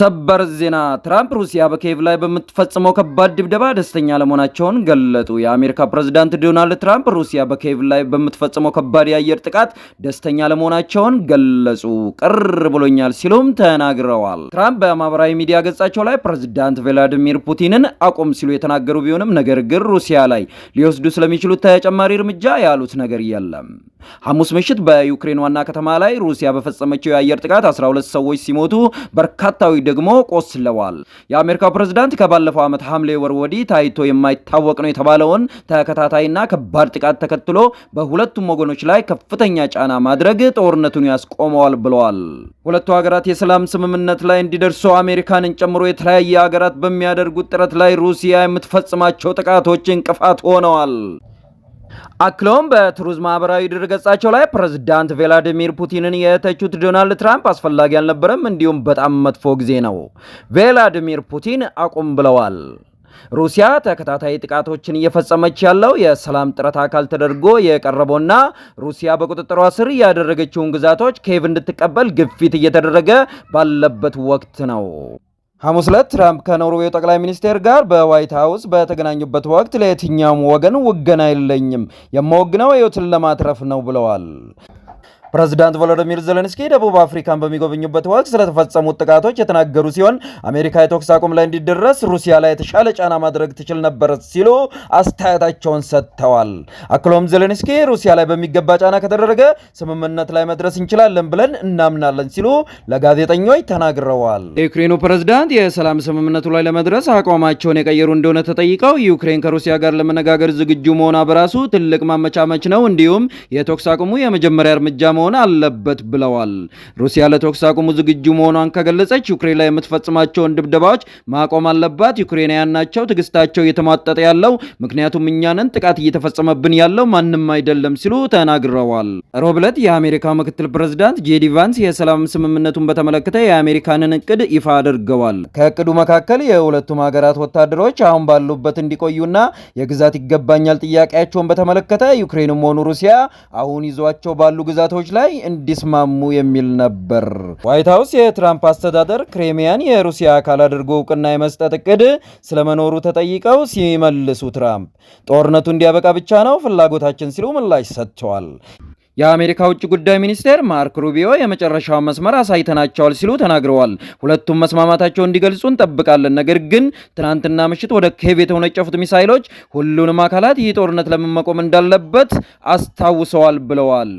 ሰበር ዜና ትራምፕ ሩሲያ በኬቭ ላይ በምትፈጽመው ከባድ ድብደባ ደስተኛ ለመሆናቸውን ገለጡ። የአሜሪካ ፕሬዝዳንት ዶናልድ ትራምፕ ሩሲያ በኬቭ ላይ በምትፈጽመው ከባድ የአየር ጥቃት ደስተኛ ለመሆናቸውን ገለጹ። ቅር ብሎኛል ሲሉም ተናግረዋል። ትራምፕ በማህበራዊ ሚዲያ ገጻቸው ላይ ፕሬዝዳንት ቭላዲሚር ፑቲንን አቁም ሲሉ የተናገሩ ቢሆንም ነገር ግን ሩሲያ ላይ ሊወስዱ ስለሚችሉት ተጨማሪ እርምጃ ያሉት ነገር የለም። ሐሙስ ምሽት በዩክሬን ዋና ከተማ ላይ ሩሲያ በፈጸመችው የአየር ጥቃት 12 ሰዎች ሲሞቱ በርካታዊ ደግሞ ቆስለዋል። የአሜሪካው ፕሬዝዳንት ከባለፈው ዓመት ሐምሌ ወር ወዲህ ታይቶ የማይታወቅ ነው የተባለውን ተከታታይና ከባድ ጥቃት ተከትሎ በሁለቱም ወገኖች ላይ ከፍተኛ ጫና ማድረግ ጦርነቱን ያስቆመዋል ብለዋል። ሁለቱ ሀገራት የሰላም ስምምነት ላይ እንዲደርሱ አሜሪካንን ጨምሮ የተለያየ ሀገራት በሚያደርጉት ጥረት ላይ ሩሲያ የምትፈጽማቸው ጥቃቶች እንቅፋት ሆነዋል። አክለውም በትሩዝ ማህበራዊ ድረገጻቸው ላይ ፕሬዝዳንት ቬላዲሚር ፑቲንን የተቹት ዶናልድ ትራምፕ አስፈላጊ አልነበረም፣ እንዲሁም በጣም መጥፎ ጊዜ ነው፣ ቬላዲሚር ፑቲን አቁም ብለዋል። ሩሲያ ተከታታይ ጥቃቶችን እየፈጸመች ያለው የሰላም ጥረት አካል ተደርጎ የቀረበውና ሩሲያ በቁጥጥሯ ስር ያደረገችውን ግዛቶች ኬቭ እንድትቀበል ግፊት እየተደረገ ባለበት ወቅት ነው። ሐሙስ ዕለት ትራምፕ ከኖርዌው ጠቅላይ ሚኒስቴር ጋር በዋይት ሀውስ በተገናኙበት ወቅት ለየትኛውም ወገን ውገን አይለኝም፣ የማወግነው ሕይወትን ለማትረፍ ነው ብለዋል። ፕሬዚዳንት ቮሎዶሚር ዘለንስኪ ደቡብ አፍሪካን በሚጎበኙበት ወቅት ስለተፈጸሙት ጥቃቶች የተናገሩ ሲሆን አሜሪካ የተኩስ አቁም ላይ እንዲደረስ ሩሲያ ላይ የተሻለ ጫና ማድረግ ትችል ነበር ሲሉ አስተያየታቸውን ሰጥተዋል። አክሎም ዘለንስኪ ሩሲያ ላይ በሚገባ ጫና ከተደረገ ስምምነት ላይ መድረስ እንችላለን ብለን እናምናለን ሲሉ ለጋዜጠኞች ተናግረዋል። የዩክሬኑ ፕሬዝዳንት የሰላም ስምምነቱ ላይ ለመድረስ አቋማቸውን የቀየሩ እንደሆነ ተጠይቀው ዩክሬን ከሩሲያ ጋር ለመነጋገር ዝግጁ መሆኗ በራሱ ትልቅ ማመቻመች ነው፣ እንዲሁም የተኩስ አቁሙ የመጀመሪያ እርምጃ መሆ መሆን አለበት ብለዋል። ሩሲያ ለተኩስ አቁሙ ዝግጁ መሆኗን ከገለጸች ዩክሬን ላይ የምትፈጽማቸውን ድብደባዎች ማቆም አለባት። ዩክሬናውያን ናቸው ትዕግስታቸው እየተሟጠጠ ያለው ምክንያቱም እኛንን ጥቃት እየተፈጸመብን ያለው ማንም አይደለም ሲሉ ተናግረዋል። ሮብ ዕለት የአሜሪካ ምክትል ፕሬዚዳንት ጄዲ ቫንስ የሰላም ስምምነቱን በተመለከተ የአሜሪካንን እቅድ ይፋ አድርገዋል። ከእቅዱ መካከል የሁለቱም ሀገራት ወታደሮች አሁን ባሉበት እንዲቆዩና የግዛት ይገባኛል ጥያቄያቸውን በተመለከተ ዩክሬንም ሆኑ ሩሲያ አሁን ይዟቸው ባሉ ግዛቶች ላይ እንዲስማሙ የሚል ነበር። ዋይት ሀውስ የትራምፕ አስተዳደር ክሬሚያን የሩሲያ አካል አድርጎ እውቅና የመስጠት እቅድ ስለመኖሩ ተጠይቀው ሲመልሱ ትራምፕ ጦርነቱ እንዲያበቃ ብቻ ነው ፍላጎታችን ሲሉ ምላሽ ሰጥተዋል። የአሜሪካ ውጭ ጉዳይ ሚኒስቴር ማርክ ሩቢዮ የመጨረሻውን መስመር አሳይተናቸዋል ሲሉ ተናግረዋል። ሁለቱም መስማማታቸው እንዲገልጹ እንጠብቃለን። ነገር ግን ትናንትና ምሽት ወደ ኬቭ የተወነጨፉት ሚሳይሎች ሁሉንም አካላት ይህ ጦርነት ለመመቆም እንዳለበት አስታውሰዋል ብለዋል።